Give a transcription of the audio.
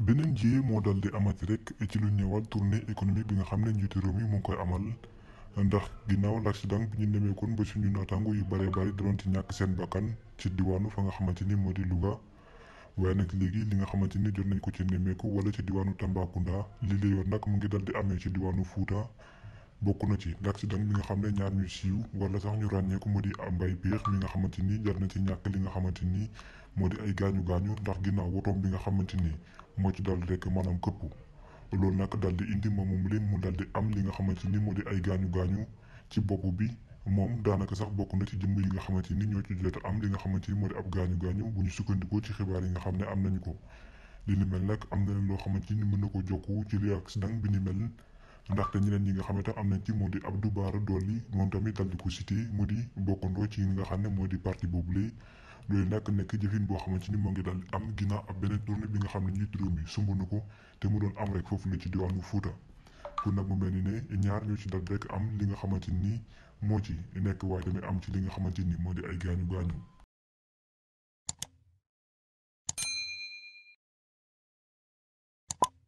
beneen jiyee moo dal di ci rek ci lu ñëwal tournée économique bi nga xam ne njiitu réew mi mu ngi koy amal ndax ginnaaw l'accident bi ñu nemeekoon ba suñu naataango yu bëree bëri da doon ci ñàkk seen bakkan ci diwaanu fa nga xamante ni moo di Louga waaye nag léegi li nga xamante ni jot nañ ko ci nemeeku wala ci diwaanu Tambacounda li lay yoon nag mu ngi dal di amee ci diwaanu Fouta bokk na ci l'accident bi nga xam ne ñaar ñu siiw wala sax ñu ràññee ko moo di Mbaye Pékh mi nga xamante ni jar na ci ñàkk li nga xamante nii moo di ay gaañu gaañu ndax ginnaaw bi nga xamante ni moo ci dal rek maanaam këpp loolu nag dal di indi moom moom leen mu dal di am li nga xamante ni moo di ay gaañu gaañu ci bopp bi moom daanaka sax bokk na ci jëmm yi nga xamante ni ñoo ci jot am li nga xamante ni moo di ab gaañu gaañu bu ñu sukkandikoo ci xibaar yi nga xam ne am nañu ko li ni mel nag am na leen loo xamante ni mën na ko jokku ci li accident bi ni mel ndaxte ñeneen ñi nga xamante am nañ ci moo di a Bara Dolly moom tamit dal di ko cité mu di bokkandoo ci nga xam ne moo di parti boobule loolu nag nekk jëfin boo xamante ni moo ngi daal di am ginnaaw ab nga xam ne njiitu réew mi ko te mu doon am rek foofu la ci diwaanu Fuuta kon nag mu mel ni ne ñaar ñoo ci dal am li nga xamante ni moo ci nekk waaye tamit am ci li nga xamante ni moo di ay gaañu gaañu.